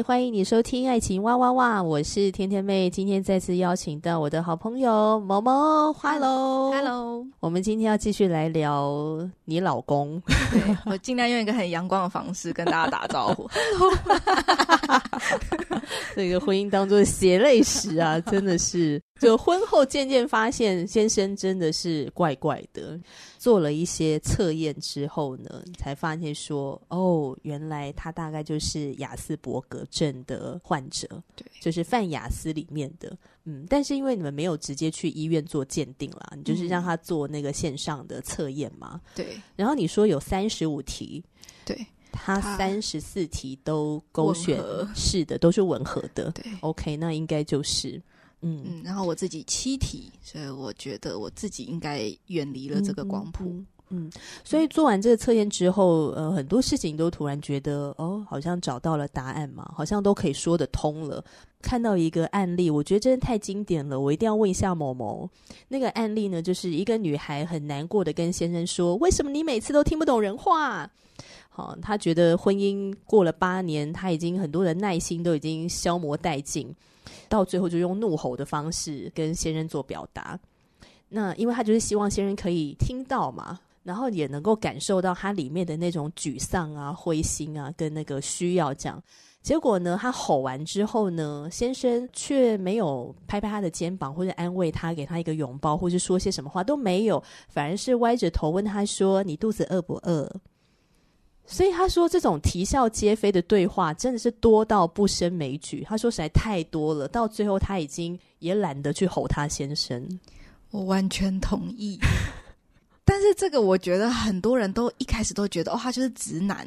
歡迎你收聽《愛情哇哇哇》，我是甜甜妹。今天再次邀請到我的好朋友哞哞。Hello，Hello，我們今天要繼續來聊你老公。對。 我盡量用一個很陽光的方式跟大家打招呼。 這 個婚姻當中的血淚史啊，真的是，就婚後漸漸發現先生真的是怪怪的。做了一些測驗之後呢，才發現說，哦，原來他大概就是亞斯伯格症的患者，對，就是泛亞斯裡面的。嗯，但是因為你們沒有直接去醫院做鑑定啦，你就是讓他做那個線上的測驗嘛。對。然後你說有三十五題。對。他三十四題都勾選是的，吻合。都是吻合的。對，OK，那應該就是嗯，嗯。然後我自己七題，所以我覺得我自己應該遠離了這個光譜。嗯，嗯，嗯，所以做完這個測驗之後，呃，很多事情都突然覺得，哦，好像找到了答案嘛，好像都可以說得通了。看到一個案例，我覺得真的太經典了，我一定要問一下哞哞。那個案例呢，就是一個女孩很難過的跟先生說：“為什麼你每次都聽不懂人話？”好、哦，他覺得婚姻過了八年，他已經很多的耐心都已經消磨殆盡，到最後就用怒吼的方式跟先生做表達。那因為他就是希望先生可以聽到嘛，然後也能夠感受到他裡面的那種沮喪啊、灰心啊，跟那個需要這樣。結果呢，他吼完之後呢，先生卻沒有拍拍他的肩膀或者安慰他，給他一個擁抱，或是說些什麼話都沒有，反而是歪着頭問他說：“你肚子餓不餓？”所以他說這種啼笑皆非的對話真的是多到不勝枚舉。他說實在太多了，到最後他已經也懶得去吼他先生。我完全同意。 但是這個我覺得很多人都一開始都覺得哦，他就是直男，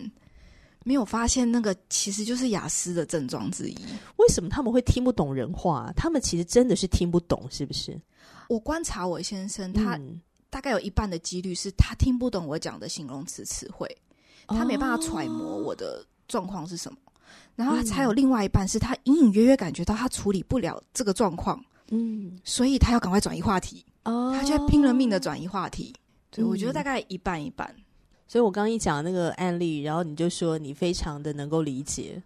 沒有發現那個其實就是亞斯的症狀之一。為什麼他們會聽不懂人話？他們其實真的是聽不懂，是不是？我觀察我先生，他大概有一半的幾率是他聽不懂我講的形容詞詞彙。他沒辦法揣摩我的狀況是什麼？哦、然後才有另外一半是他隱隱約約感覺到他處理不了這個狀況，嗯，所以他要趕快轉移話題，他、哦、就在拼了命的轉移話題。對、嗯，我覺得大概一半一半。所以我剛剛一講那個案例，然後你就說你非常的能夠理解。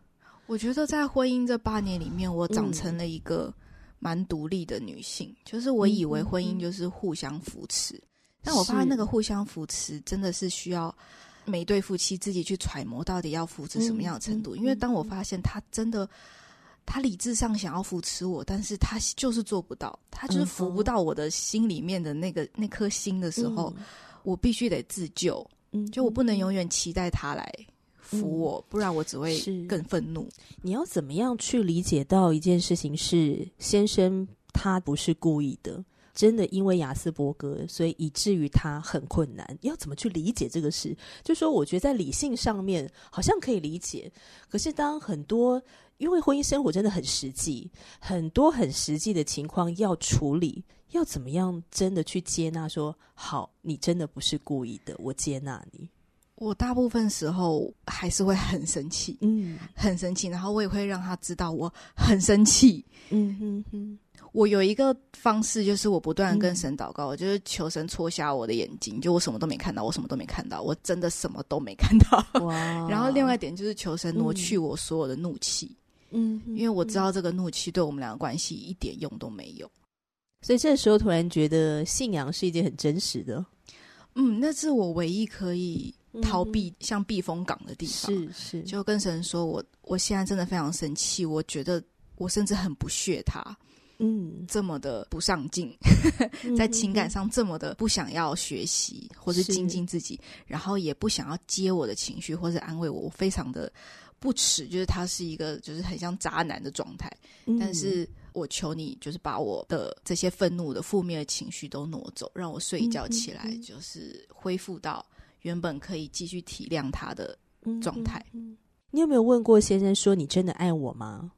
我覺得在婚姻這八年裡面，我長成了一個蠻獨立的女性，嗯、就是我以為婚姻就是互相扶持，嗯嗯、但我發現那個互相扶持真的是需要。每對夫妻自己去揣摩到底要扶持什麼樣的程度，嗯嗯、因為當我發現他真的，他理智上想要扶持我，但是他就是做不到，他就是扶不到我的心裡面的那個、嗯、那顆心的時候，嗯、我必須得自救，嗯、就我不能永遠期待他來扶我，嗯、不然我只會更憤怒。你要怎麼樣去理解到一件事情是先生他不是故意的？真的因為亞斯伯格，所以以至於他很困難。要怎麼去理解這個事？就說我覺得在理性上面好像可以理解，可是當很多因為婚姻生活真的很實際，很多很實際的情況要處理，要怎麼樣真的去接納說？說好，你真的不是故意的，我接納你。我大部分時候還是會很生氣，嗯，很生氣，然後我也會讓他知道我很生氣，嗯嗯嗯。我有一個方式，就是我不斷跟神禱告，嗯、就是求神戳瞎我的眼睛，就我什麼都沒看到，我什麼都沒看到，我真的什麼都沒看到。 Wow 然後另外一點就是求神挪去我所有的怒氣，嗯，因為我知道這個怒氣對我們倆的關係一點用都沒有。所以這個時候突然覺得信仰是一件很真實的，嗯，那是我唯一可以逃避像避風港的地方，是、嗯、是，是就跟神說我我現在真的非常生氣，我覺得我甚至很不屑他。嗯，這麼的不上進， 在情感上這麼的不想要學習，嗯、哼哼或是精進自己，是然後也不想要接我的情緒，或是安慰我，我非常的不齒，就是他是一個，就是很像渣男的狀態。嗯、但是我求你，就是把我的這些憤怒的負面的情緒都挪走，讓我睡一覺起來，嗯、哼哼就是恢復到原本可以繼續體諒他的狀態。嗯、哼哼你有沒有問過先生說，你真的愛我嗎？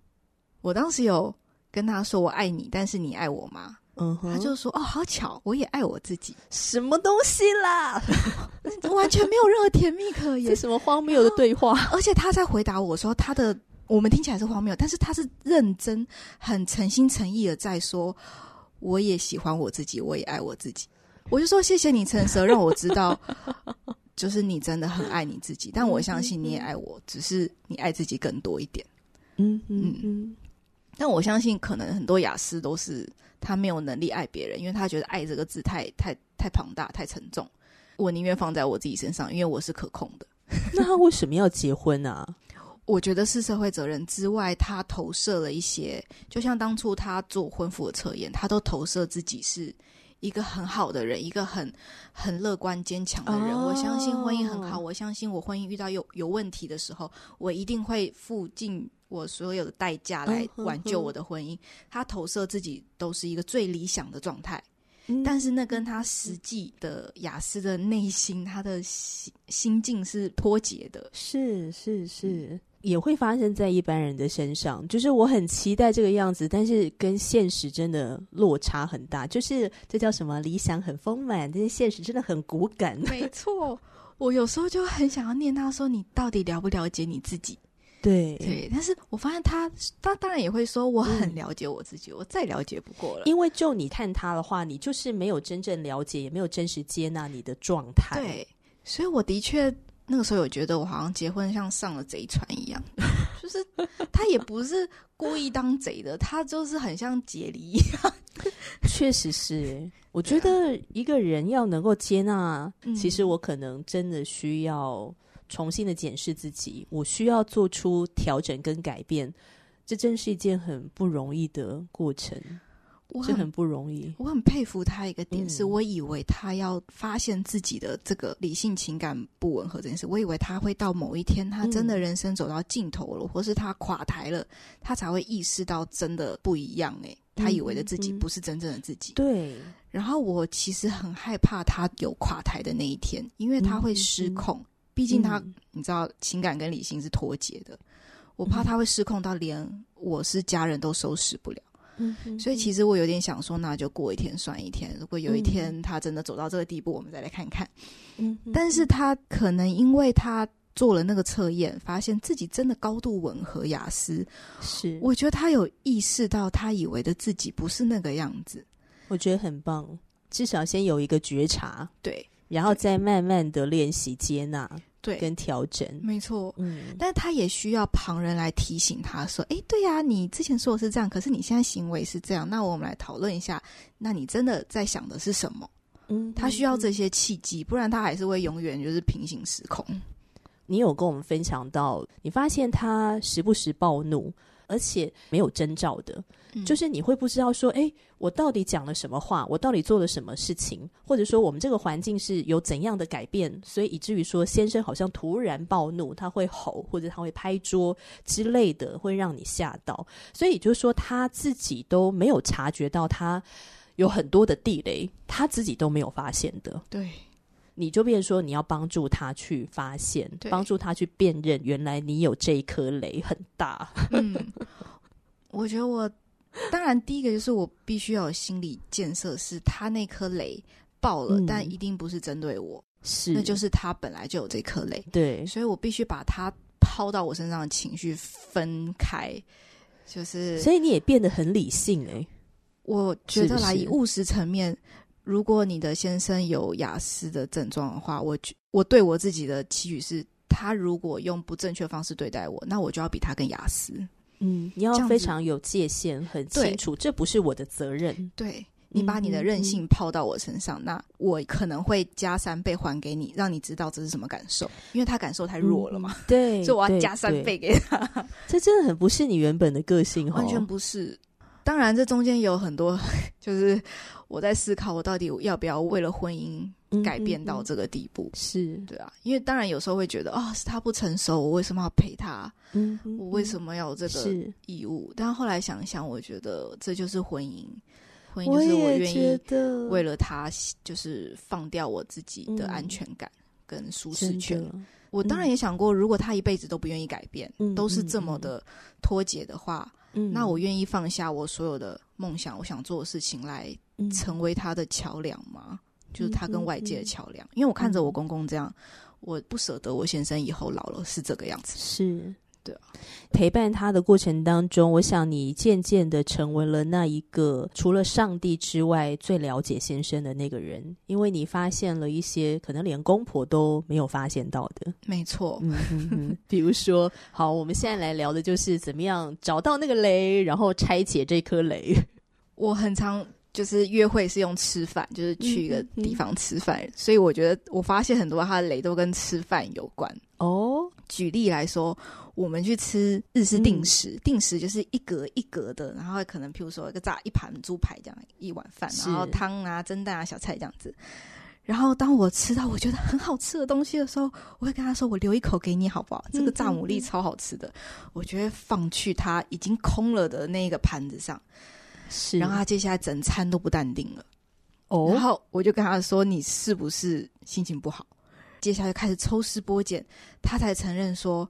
我當時有。跟他說我愛你，但是你愛我嗎？嗯、哼他就說哦，好巧，我也愛我自己，什麼東西啦、 嗯？完全沒有任何甜蜜可言，這是什麼荒謬的對話？啊？而且他在回答我說他的，我們聽起來是荒謬，但是他是認真，很誠心誠意的在說，我也喜歡我自己，我也愛我自己。 我就說謝謝你，誠實，讓我知道， 就是你真的很愛你自己，但我相信你也愛我， 只是你愛自己更多一點。嗯嗯 嗯。嗯但我相信，可能很多亞斯都是他沒有能力愛別人，因為他覺得“愛”這個字太太太龐大、太沉重。我寧願放在我自己身上，因為我是可控的。那他為什麼要結婚呢、啊？ 我覺得是社會責任之外，他投射了一些。就像當初他做婚夫的測驗，他都投射自己是一個很好的人，一個很很樂觀、堅強的人。哦、我相信婚姻很好。我相信我婚姻遇到有有問題的時候，我一定會附近。我所有的代價來挽救我的婚姻，哦、呵呵他投射自己都是一個最理想的狀態，嗯、但是那跟他實際的亞斯的內心，嗯、他的心心境是脫節的。是是是，是是嗯、也會發生在一般人的身上。就是我很期待這個樣子，但是跟現實真的落差很大。就是這叫什麼？理想很豐滿，但是現實真的很骨感。 沒錯，我有時候就很想要念他說：“你到底了不了解你自己？”對，對但是我發現他，他當然也會說我很了解我自己，嗯、我再了解不過了。因為就你看他的話，你就是沒有真正了解，也沒有真實接納你的狀態。對，所以我的確那個時候有覺得我好像結婚像上了賊船一樣，就是他也不是故意當賊的， 他就是很像解離一樣。確實是，我覺得一個人要能夠接納，嗯、其實我可能真的需要。重新的檢視自己，我需要做出調整跟改變，這真是一件很不容易的過程，哇很，是很不容易。我很佩服他一個點，是、嗯、我以為他要發現自己的這個理性情感不吻合這件事，我以為他會到某一天，他真的人生走到盡頭了，嗯、或是他垮台了，他才會意識到真的不一樣、欸。哎，他以為的自己不是真正的自己。嗯嗯、對。然後我其實很害怕他有垮台的那一天，因為他會失控。嗯嗯畢竟他，你知道，情感跟理性是脫節的，嗯、哼我怕他會失控到連我是家人都收拾不了。嗯哼，所以其實我有點想說，那就過一天算一天。如果有一天他真的走到這個地步，我們再來看看。嗯哼，但是他可能因為他做了那個測驗，發現自己真的高度吻合亞斯，是我覺得他有意識到他以為的自己不是那個樣子，我覺得很棒，至少先有一個覺察。對。然後再慢慢的練習接納，對，跟調整，沒錯，嗯，但他也需要旁人來提醒他說，哎，對呀，啊，你之前說的是這樣，可是你現在行為是這樣，那我們來討論一下，那你真的在想的是什麼？嗯，他需要這些契機，嗯，不然他還是會永遠就是平行時空。你有跟我們分享到，你發現他時不時暴怒。而且沒有徵兆的，就是你會不知道說，誒、欸，我到底講了什麼話，我到底做了什麼事情，或者說我們這個環境是有怎樣的改變，所以以至於說先生好像突然暴怒，他會吼或者他會拍桌之類的，會讓你嚇到。所以就是說他自己都沒有察覺到，他有很多的地雷，他自己都沒有發現的。對。你就變成說，你要幫助他去發現，幫對助他去辨認，原來你有這一顆雷很大。嗯， 我覺得我當然第一個就是我必須要有心理建設，是他那顆雷爆了，嗯、但一定不是針對我，是那就是他本來就有這顆雷。對，所以我必須把他拋到我身上的情緒分開，就是所以你也變得很理性哎、欸，我覺得來以務實層面。是如果你的先生有亞斯的症狀的話，我我對我自己的期許是，他如果用不正確方式對待我，那我就要比他更亞斯。嗯，你要非常有界限，很清楚，對這不是我的責任。對，你把你的任性拋到我身上，嗯、那我可能會加三倍還給你，讓你知道這是什麼感受，因為他感受太弱了嘛。嗯、對， 所以我要加三倍給他。這真的很不是你原本的個性，完全不是。當然，這中間有很多，就是我在思考，我到底要不要為了婚姻改變到這個地步？嗯嗯嗯，是，對啊，因為當然有時候會覺得，哦，是他不成熟，我為什麼要陪他？嗯，嗯，嗯，我為什麼要有這個義務？是。但後來想一想，我覺得這就是婚姻，婚姻就是我願意為了他，就是放掉我自己的安全感跟舒適圈。我，我當然也想過，如果他一輩子都不願意改變，嗯嗯嗯嗯都是這麼的脫節的話。嗯、那我願意放下我所有的夢想，我想做的事情來成為他的橋梁嗎？嗯、就是他跟外界的橋梁。嗯嗯嗯、因為我看着我公公這樣，嗯、我不捨得我先生以後老了是這個樣子。是。對啊，陪伴他的過程當中，我想你漸漸地成為了那一個除了上帝之外最了解先生的那個人，因為你發現了一些可能連公婆都沒有發現到的。沒錯， 比如說，好，我們現在來聊的就是怎麼樣找到那個雷，然後拆解這顆雷。我很常就是約會是用吃飯，就是去一個地方吃飯，嗯、所以我覺得我發現很多他的雷都跟吃飯有關哦。舉例來說，我們去吃日式定食，嗯、定食就是一格一格的，然後可能譬如說一個炸一盤豬排這樣一碗飯，然後湯啊、蒸蛋啊、小菜這樣子。然後當我吃到我覺得很好吃的東西的時候，我會跟他說：“我留一口給你好不好？這個炸牡蠣超好吃的，嗯、哼我覺得放去他已經空了的那個盤子上，是。然後他接下來整餐都不淡定了。哦，然後我就跟他說：“你是不是心情不好？”接下來開始抽絲剝繭，他才承認說：“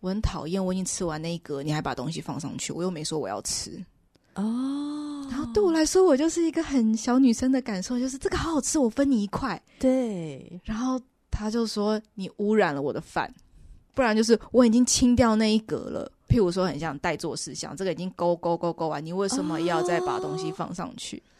我很討厭，我已經吃完那一格，你還把東西放上去，我又沒說我要吃。”哦，然後對我來說，我就是一個很小女生的感受，就是這個好好吃，我分你一塊。對，然後他就說：“你汙染了我的飯，不然就是我已經清掉那一格了。譬如說，很像待做事項，這個已經勾勾勾勾勾勾完，你為什麼要再把東西放上去？”哦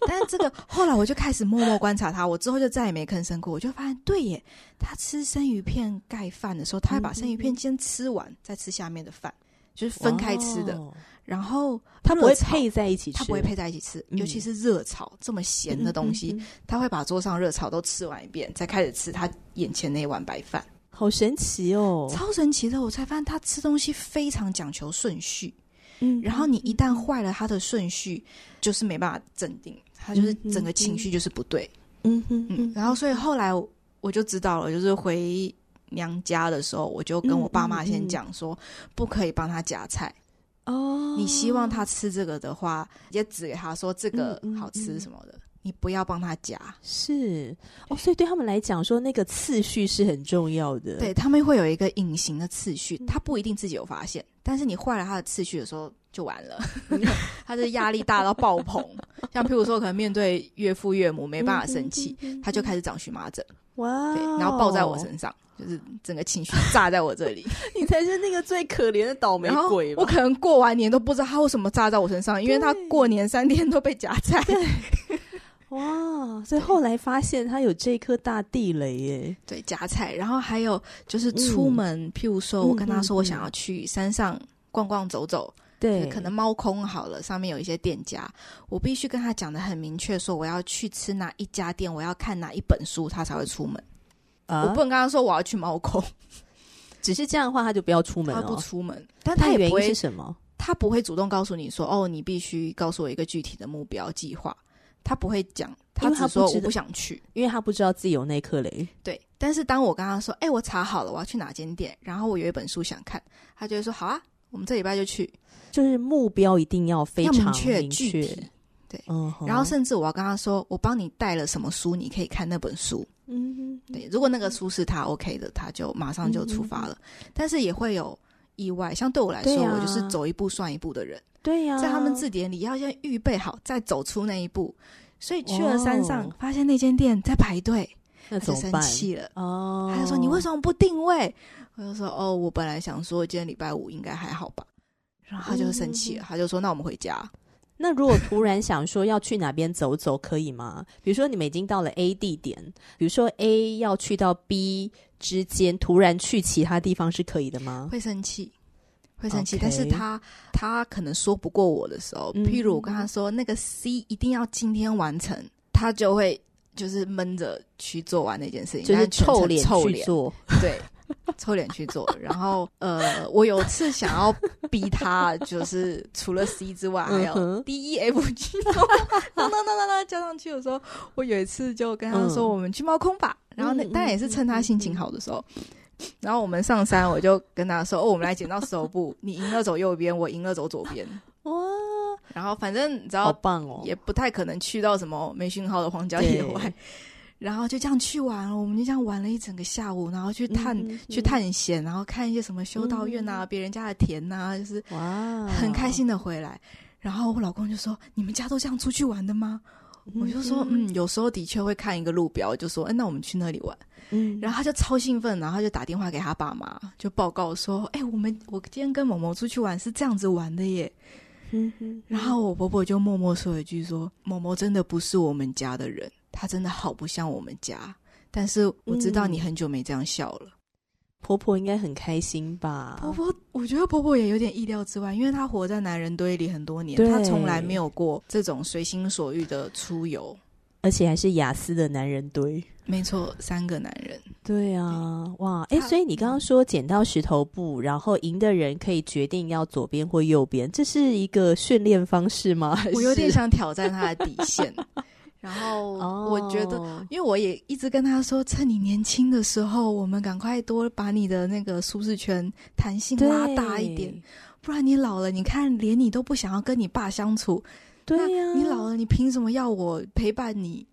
但是這個後來我就開始默默觀察他，我之後就再也沒吭聲過。我就發現，對耶，他吃生魚片蓋飯的時候，他會把生魚片先吃完，嗯嗯再吃下面的飯，就是分開吃的。哦、然後他不會配在一起，他不會配在一起吃。起吃嗯、尤其是熱炒這麼鹹的東西，嗯嗯嗯他會把桌上熱炒都吃完一遍，再開始吃他眼前那碗白飯。好神奇哦，超神奇的！我才發現他吃東西非常講求順序。嗯，然後你一旦壞了他的順序，就是沒辦法鎮定，他就是整個情緒就是不對。嗯嗯嗯。嗯嗯然後所以後來我就知道了，就是回娘家的時候，我就跟我爸媽先講說，嗯嗯嗯、不可以幫他夾菜。哦。你希望他吃這個的話，也指給他說，這個好吃什麼的。嗯嗯嗯你不要幫他夾，是哦，所以對他們來講，說那個次序是很重要的。對，他們會有一個隱形的次序，嗯、他不一定自己有發現，但是你壞了他的次序的時候，就完了。嗯、 他的壓力大到爆棚。 像譬如說，可能面對岳父岳母 沒辦法生氣，他就開始長蕁麻疹。哇，對，然後抱在我身上，就是整個情緒炸在我這裡。 你才是那個最可憐的倒霉鬼吧？我可能過完年都不知道他為什麼炸在我身上，對因為他過年三天都被夾在對。 哇！所以後來發現他有這顆大地雷耶，對，夾菜。然後還有就是出門，嗯、譬如說我跟他說我想要去山上逛逛，走走，對，可能貓空好了，上面有一些店家，我必須跟他講的很明確，說我要去吃哪一家店，我要看哪一本書，他才會出門。啊、我不能跟他說我要去貓空，只是這樣的話他就不要出門了，哦。他不出門，但他也不會是什麼，他不會主動告訴你說，哦，你必須告訴我一個具體的目標計劃。他不會講，他只說我不想去因不，因為他不知道自己有那顆雷。對，但是當我跟他說：“哎、欸，我查好了，我要去哪間店，然後我有一本書想看。”他就會說：“好啊，我們這禮拜就去。”就是目標一定要非常明確、具體，對，嗯、哼然後甚至我要跟他說：“我幫你帶了什麼書，你可以看那本書。嗯哼”嗯，對。如果那個書是他 OK 的，他就馬上就出發了。嗯、哼但是也會有。意外，像對我來說，啊、我就是走一步算一步的人。對呀、啊，在他們字典裡，要先預備好，再走出那一步。所以去了山上，哦、發現那間店在排隊，那就生氣了。哦，他就說你為什麼不定位？我就說哦，我本來想說今天禮拜五應該還好吧。然後他就生氣了，他就說那我們回家。那如果突然想說要去哪邊走走，可以嗎？ 比如說你們已經到了 A 地點，比如說 A 要去到 B。之間突然去其他地方是可以的嗎？會生氣，會生氣。但是他他可能說不過我的時候，譬如我跟他說那個 C 一定要今天完成，他就會就是悶着去做完那件事情，就是臭臉臭臉做，對，臭臉去做。然後呃，我有次想要逼他，就是除了 C 之外還有 D E F G，等等等當當加上去的時候，我有一次就跟他說：“我們去貓空吧。”然後那當然也是趁他心情好的時候，然後我們上山，我就跟他說：“哦，我們來撿到石頭布，你贏了走右邊，我贏了走左邊。”哇！然後反正你知道，也不太可能去到什麼沒訊號的荒郊野外。然後就這樣去玩，我們就這樣玩了一整個下午，然後去探去探險，然後看一些什麼修道院吶、別人家的田吶，就是哇，很開心的回來。然後我老公就說：“你們家都這樣出去玩的嗎？”我就說，嗯，有時候的確會看一個路標，就說，哎，那我們去那裡玩。嗯，然後他就超興奮，然後他就打電話給他爸媽，就報告說，哎，我們我今天跟某某出去玩是這樣子玩的耶。嗯嗯，然後我婆婆就默默說一句說，說某某真的不是我們家的人，他真的好不像我們家。但是我知道你很久沒這樣笑了。嗯嗯婆婆應該很開心吧？婆婆，我覺得婆婆也有點意料之外，因為她活在男人堆裡很多年，對她從來沒有過這種隨心所欲的出遊，而且還是亞斯的男人堆。沒錯，三個男人。對啊，嗯、哇，哎、欸，啊、所以你剛剛說剪刀石頭布，然後贏的人可以決定要左邊或右邊，這是一個訓練方式嗎？還是？我有點想挑戰他的底線。 然後我覺得，oh. 因為我也一直跟他說，趁你年輕的時候，我們趕快多把你的那個舒適圈彈性拉大一點，對不然你老了，你看連你都不想要跟你爸相處，對啊，那你老了，你憑什麼要我陪伴你？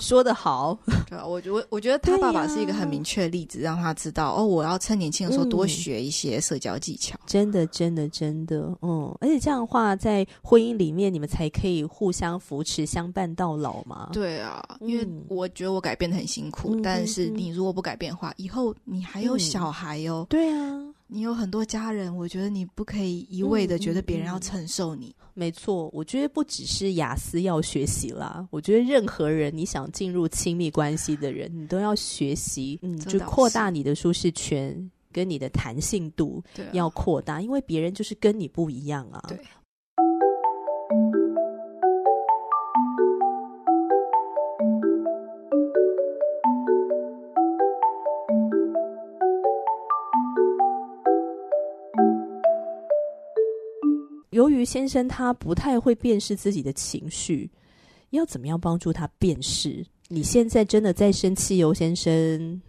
說得好。對，對啊，我覺得，我覺得他爸爸是一個很明確的例子，啊、讓他知道哦，我要趁年輕的時候多學一些社交技巧、嗯。真的，真的，真的，嗯。而且這樣的話，在婚姻裡面，你們才可以互相扶持，相伴到老嘛。對啊，因為我覺得我改變得很辛苦，嗯、但是你如果不改變的話，以後你還有小孩喲、哦嗯。對啊。你有很多家人，我覺得你不可以一味的覺得別人要承受你。嗯嗯嗯、沒錯，我覺得不只是亞斯要學習啦，我覺得任何人你想進入親密關係的人，嗯、你都要學習，嗯，就擴大你的舒適圈跟你的彈性度要擴大，啊、因為別人就是跟你不一樣啊。對先生他不太會辨識自己的情緒，要怎麼樣幫助他辨識？你現在真的在生氣哦，尤先生？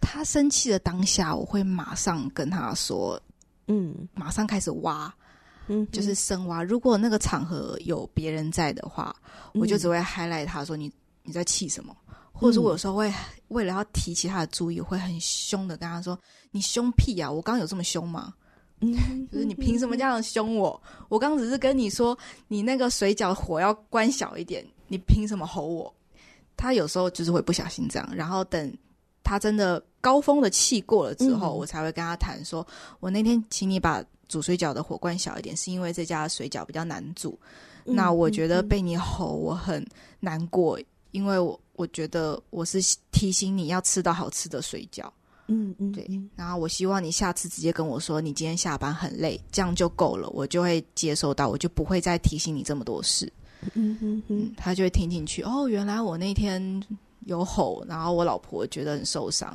他生氣的當下，我會馬上跟他說：“嗯，馬上開始挖，嗯哼，就是深挖。”如果那個場合有別人在的話，嗯、我就只會 highlight 他說：“你你在氣什麼？”或者說，我有時候會為了要提起他的注意，我會很凶的跟他說：“你凶屁啊！我剛剛有這麼凶嗎？” 就是你憑什麼這樣凶我？我剛只是跟你說，你那個水餃火要關小一點。你憑什麼吼我？他有時候就是會不小心這樣，然後等他真的高峰的氣過了之後，嗯、哼我才會跟他談，說我那天請你把煮水餃的火關小一點，是因為這家的水餃比較難煮。嗯、哼那我覺得被你吼我很難過，因為我我覺得我是提醒你要吃到好吃的水餃。嗯，嗯嗯，對。然後我希望你下次直接跟我說，你今天下班很累，這樣就夠了，我就會接收到，我就不會再提醒你這麼多事。嗯嗯嗯，嗯，嗯，他就會聽進去。哦，原來我那天有吼，然後我老婆覺得很受傷。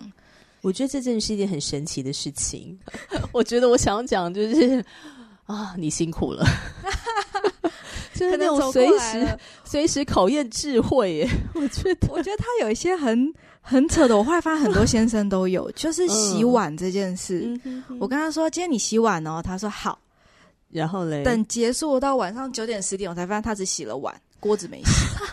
我覺得這真的是一件很神奇的事情。 我覺得我想講就是 啊，你辛苦了， 就是那種隨時隨 時考驗智慧耶。我覺得 我覺得他有一些很。很扯的，我後來發現很多先生都有， 就是洗碗這件事。呃、我跟他說：“今天你洗碗哦。”他說：“好。”然後嘞，等結束到晚上九點十點，我才發現他只洗了碗，鍋子沒洗。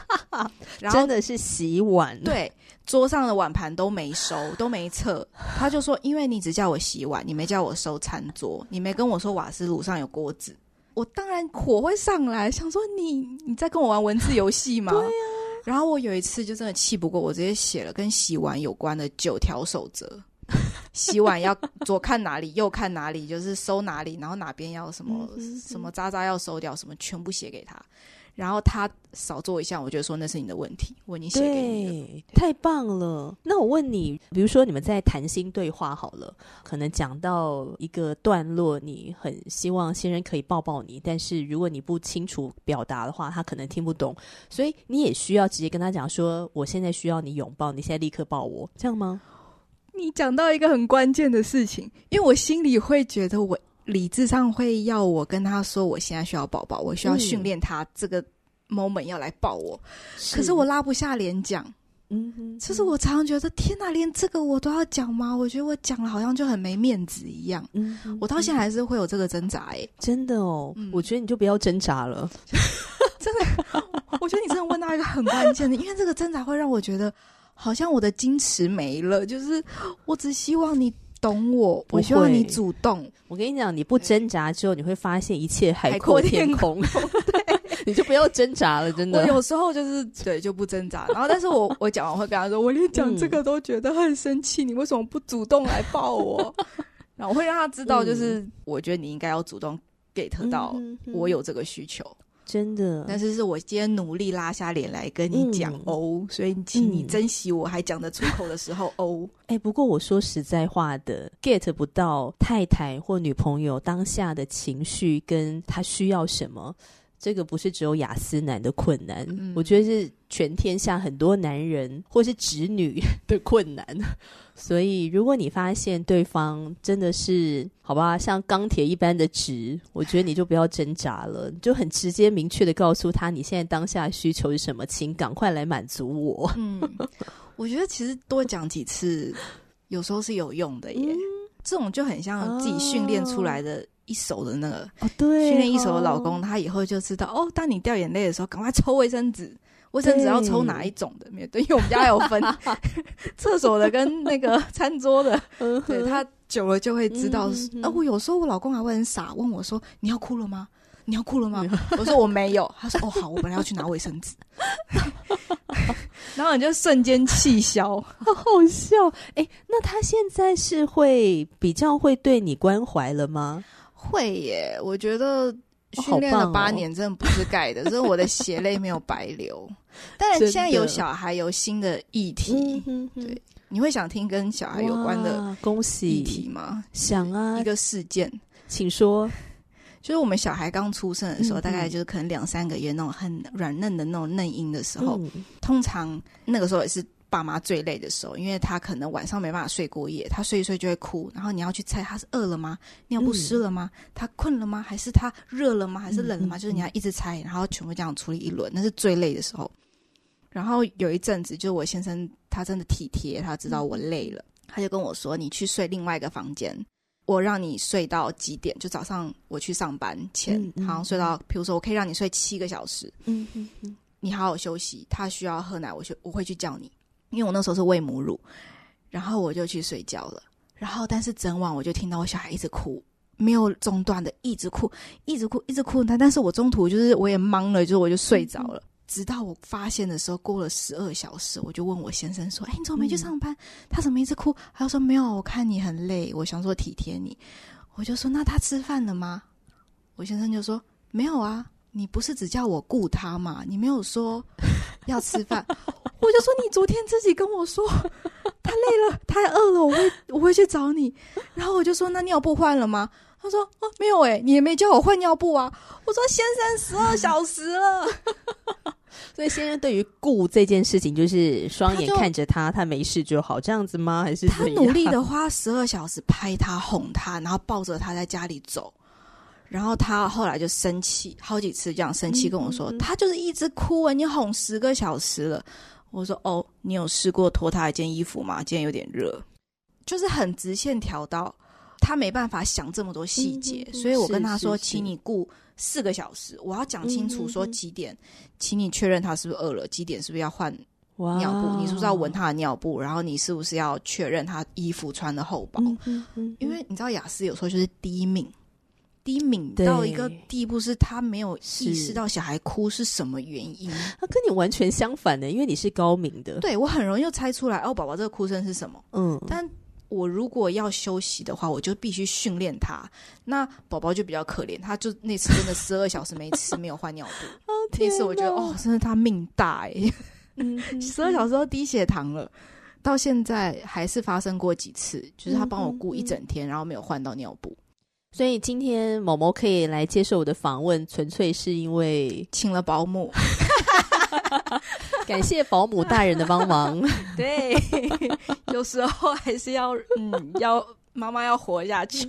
然後，真的是洗碗，對，桌上的碗盤都沒收，都沒撤。他就說：“因為你只叫我洗碗，你沒叫我收餐桌，你沒跟我說瓦斯爐上有鍋子，我當然火會上來，想說你你在跟我玩文字遊戲嗎？” 對呀。然後我有一次就真的氣不過，我直接寫了跟洗碗有關的九條守則， 洗碗要左看哪裡 右看哪裡，就是收哪裡，然後哪邊要什麼、嗯、哼哼什麼渣渣要收掉，什麼全部寫給他。然後他少做一下，我覺得說那是你的問題。我你寫給你對對太棒了。那我問你，比如說你們在談心對話好了，可能講到一個段落，你很希望先生可以抱抱你，但是如果你不清楚表達的話，他可能聽不懂，所以你也需要直接跟他講說，我現在需要你擁抱，你現在立刻抱我，這樣嗎？你講到一個很關鍵的事情，因為我心裡會覺得我。理智上會要我跟他說，我現在需要抱抱，我需要訓練他這個 moment 要來抱我。嗯、可是我拉不下臉講，嗯哼，哼，就是我常常覺得，天哪、啊，連這個我都要講嗎？我覺得我講了好像就很沒面子一樣。嗯哼哼，我到現在還是會有這個掙扎、欸，哎，真的哦，嗯、我覺得你就不要掙扎了。 真的，我覺得你真的問到一個很關鍵的， 因為這個掙扎會讓我覺得好像我的矜持沒了，就是我只希望你。懂我，會我希望你主動。我跟你講，你不掙扎之後，嗯、你會發現一切海闊天空。對，你就不要掙扎了，真的。 有時候就是對，就不掙扎。然後，但是我 我講完會跟他說，我連講這個都覺得很生氣，你為什麼不主動來抱我？ 然後我會讓他知道，就是、嗯、我覺得你應該要主動 get 到我有這個需求。嗯哼哼真的，但是是我今天努力拉下臉來跟你講哦、嗯，oh, 所以請你珍惜我還講得出口的時候哦。哎，不過我說實在話的，get 不到太太或女朋友當下的情緒，跟她需要什麼。這個不是只有亞斯男的困難，嗯、我覺得是全天下很多男人或是直女的困難。所以，如果你發現對方真的是好吧，像鋼鐵一般的直，我覺得你就不要掙扎了，就很直接明確的告訴他你現在當下的需求是什麼，請趕快來滿足我。嗯，我覺得其實多講幾次， 有時候是有用的耶。嗯、這種就很像自己訓練出來的、哦。一手的那個，哦，對，訓練一手的老公，他以後就知道哦。當你掉眼淚的時候，趕快抽衛生紙，衛生紙要抽哪一種的？沒有，對，因為我們家有分廁所的跟那個餐桌的。對，他久了就會知道。哦，我有時候我老公還會很傻，問我說：“你要哭了嗎？你要哭了嗎？”我說：“我沒有。”他說：“哦，好，我本來要去拿衛生紙。”然後你就瞬間氣消，好好笑。哎，那他現在是會比較會對你關懷了嗎？會耶、欸，我覺得訓練了八年，真的不是蓋的，所以、哦哦、我的血淚沒有白流。但是 現在有小孩，有新的議題，的對，你會想聽跟小孩有關的恭喜議題嗎？對想啊，一個事件，請說。就是我們小孩剛出生的時候，嗯嗯大概就是可能兩三個月那種很軟嫩的那種嫩嬰的時候，嗯、通常那個時候也是。爸媽最累的時候，因為他可能晚上沒辦法睡過夜，他睡一睡就會哭，然後你要去猜他是餓了嗎？尿不濕了嗎？嗯、他困了嗎？還是他熱了嗎？還是冷了嗎？嗯、就是你要一直猜，然後全部這樣處理一輪，那是最累的時候。然後有一陣子，就是我先生他真的體貼，他知道我累了，嗯、他就跟我說：“你去睡另外一個房間，我讓你睡到幾點？就早上我去上班前，嗯嗯、然後睡到，譬如說我可以讓你睡七個小時，嗯嗯嗯、你好好休息。他需要喝奶，我就我會去叫你。”因為我那時候是餵母乳，然後我就去睡覺了。然後，但是整晚我就聽到我小孩一直哭，沒有中斷的，一直哭，一直哭，一直哭。他，但是我中途就是我也懵了，就是我就睡着了、嗯嗯。直到我發現的時候，過了十二小時，我就問我先生說：“哎、欸，你怎麼沒去上班？嗯、他怎麼一直哭？”他又說：“沒有，我看你很累，我想說體貼你。”我就說：“那他吃飯了嗎？”我先生就說：“沒有啊，你不是只叫我顧他嘛，你沒有說要吃飯。” 我就說，你昨天自己跟我說，他累了，他餓了，我會我會去找你。然後我就說，那尿布換了嗎？他說，哦、啊、沒有哎、欸，你也沒叫我換尿布啊。我說，先生十二小時了， 所以先生對於顧這件事情就是雙眼看着他，他沒事就好這樣子嗎？還是怎樣，他努力的花十二小時拍他哄他，然後抱着他在家裡走。然後他後來就生氣好幾次，這樣生氣跟我說，嗯嗯，他就是一直哭，欸，你哄十個小時了。我說哦，你有試過脫他一件衣服嗎？今天有點熱，就是很直線調到他沒辦法想這麼多細節，嗯嗯嗯，所以我跟他說，是是是請你顧四個小時，我要講清楚說幾點，嗯嗯嗯請你確認他是不是餓了，幾點是不是要換尿布，哦、你是不是要聞他的尿布，然後你是不是要確認他衣服穿的厚薄，嗯嗯嗯嗯因為你知道亞斯有時候就是第一命。低敏對到一個地步，是他沒有意識到小孩哭是什麼原因。他跟你完全相反的，欸，因為你是高敏的。對，我很容易就猜出來哦，寶寶這個哭聲是什麼？嗯，但我如果要休息的話，我就必須訓練他。那寶寶就比較可憐，他就那次真的十二小時沒吃，沒有換尿布。 那次我覺得 哦，哪哦，真的他命大哎，欸，十 二小時都低血糖了，嗯嗯嗯到現在還是發生過幾次，就是他幫我顧一整天，嗯嗯嗯然後沒有換到尿布。所以今天哞哞可以來接受我的訪問，純粹是因為請了保姆， 感謝保姆大人的幫忙。 對，有時候還是要，嗯，要媽媽要活下去。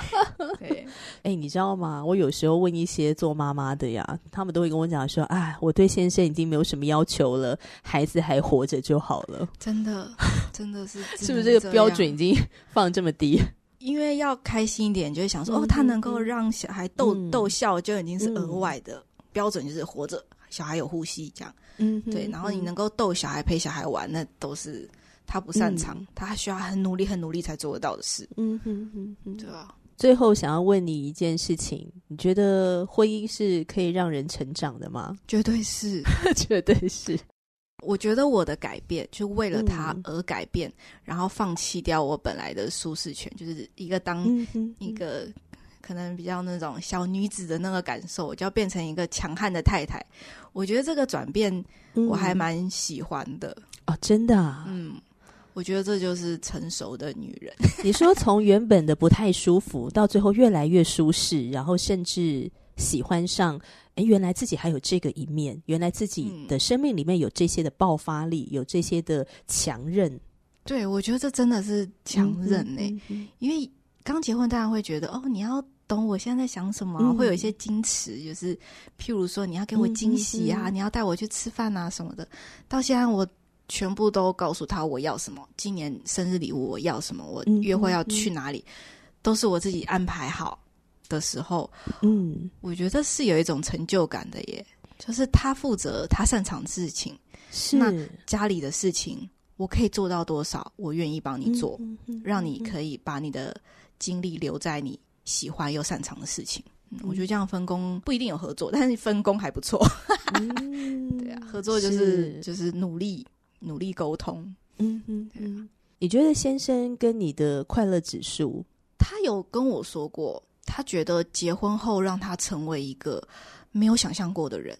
對，哎、欸，你知道嗎？我有時候問一些做媽媽的呀，他們都會跟我講說：“哎，我對先生已經沒有什麼要求了，孩子還活着就好了。”真的，真的是，是不是這個標準已經放這麼低？因為要開心一點，就會想說哦，他能夠讓小孩逗逗、嗯嗯、笑，就已經是額外的標準，就是活着，小孩有呼吸，這樣，嗯，嗯對。然後你能夠逗小孩、陪小孩玩，那都是他不擅長，嗯、他需要很努力、很努力才做得到的事，嗯哼哼。對、嗯、吧？嗯嗯嗯、最後想要問你一件事情，你覺得婚姻是可以讓人成長的嗎？絕對是， 絕對是。我覺得我的改變就為了他而改變，嗯嗯，然後放棄掉我本來的舒適圈，就是一個當一個可能比較那種小女子的那個感受，我就要變成一個強悍的太太。我覺得這個轉變我還蠻喜歡的哦。真的，嗯嗯，嗯，我覺得這就是成熟的女人。你說從原本的不太舒服 到最後越來越舒適，然後甚至。喜歡上，哎，原來自己還有這個一面，原來自己的生命裡面有這些的爆發力，嗯、有這些的強韌。對，我覺得這真的是強韌呢、欸，嗯嗯嗯，因為剛結婚，大家會覺得哦，你要懂我現在在想什麼，嗯、會有一些矜持，就是譬如說你要給我驚喜啊，嗯嗯嗯，你要帶我去吃飯啊什麼的。到現在我全部都告訴他我要什麼，今年生日禮物我要什麼，我約會要去哪裡，嗯嗯嗯，都是我自己安排好。的時候，嗯，我覺得是有一種成就感的，耶，就是他負責他擅長的事情，是那家裡的事情，我可以做到多少，我願意幫你做，嗯嗯嗯嗯、讓你可以把你的精力留在你喜歡又擅長的事情。嗯、我覺得這樣分工不一定有合作，但是分工還不錯。 嗯、對啊，合作就是，是就是努力努力溝通。嗯嗯嗯，嗯對啊、你覺得先生跟你的快樂指數？他有跟我說過。他覺得結婚後讓他成為一個沒有想象過的人，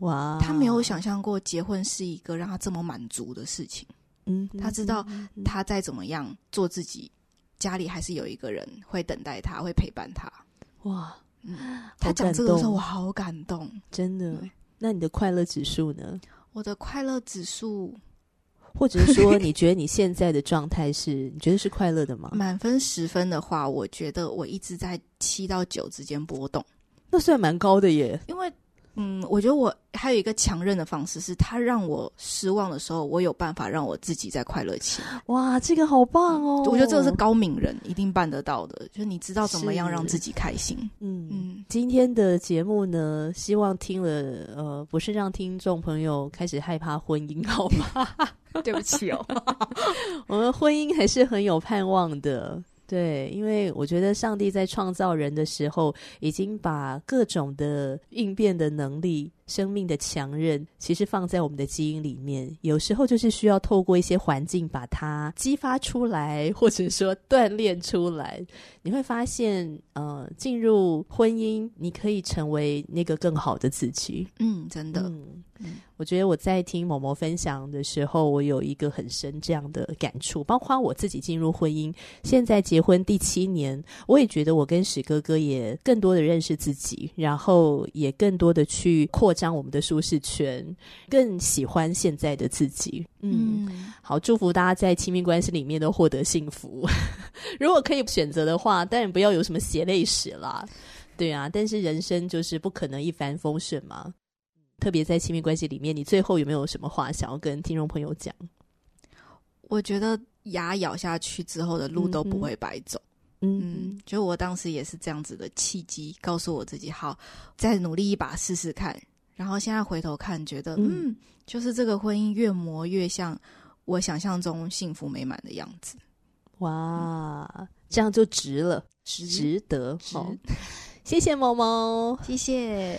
哇！他沒有想象過結婚是一個讓他這麼滿足的事情。嗯，他知道他再怎麼樣做自己，嗯，家裡還是有一個人會等待他，會陪伴他。哇，嗯，他講這個時候好我好感動，真的。對那你的快樂指數呢？我的快樂指數。或者說，你覺得你現在的狀態是 你覺得是快樂的嗎？滿分十分的話，我覺得我一直在七到九之間波動，那算蠻高的耶。因為，嗯，我覺得我還有一個強韌的方式，是他讓我失望的時候，我有辦法讓我自己再快樂起來。哇，這個好棒哦！嗯、我覺得這個是高敏人一定辦得到的，就是你知道怎麼樣讓自己開心。嗯嗯，嗯今天的節目呢，希望聽了呃，不是讓聽眾朋友開始害怕婚姻好嗎？ 對不起哦， 我們婚姻還是很有盼望的。對，因為我覺得上帝在創造人的時候，已經把各種的應變的能力。生命的強韌其實放在我們的基因裡面，有時候就是需要透過一些環境把它激發出來，或者說鍛鍊出來。你會發現，呃，進入婚姻，你可以成為那個更好的自己。嗯，真的。嗯，我覺得我在聽哞哞分享的時候，我有一個很深這樣的感觸。包括我自己進入婚姻，現在結婚第七年，我也覺得我跟史哥哥也更多的認識自己，然後也更多的去擴展。向我們的舒適圈，更喜歡現在的自己。嗯，嗯，好，祝福大家在親密關係裡面都獲得幸福。 如果可以選擇的話，當然不要有什麼血淚史啦。對啊，但是人生就是不可能一帆風順嘛。嗯、特別在親密關係裡面，你最後有沒有什麼話想要跟聽眾朋友講？我覺得牙咬下去之後的路都不會白走。嗯，哼嗯，就我當時也是這樣子的契機，告訴我自己：好，再努力一把，試試看。然後現在回頭看，覺得嗯，嗯，就是這個婚姻越磨越像我想象中幸福美滿的樣子。哇，嗯、這樣就值了，值，值得，值，謝謝哞哞，謝謝。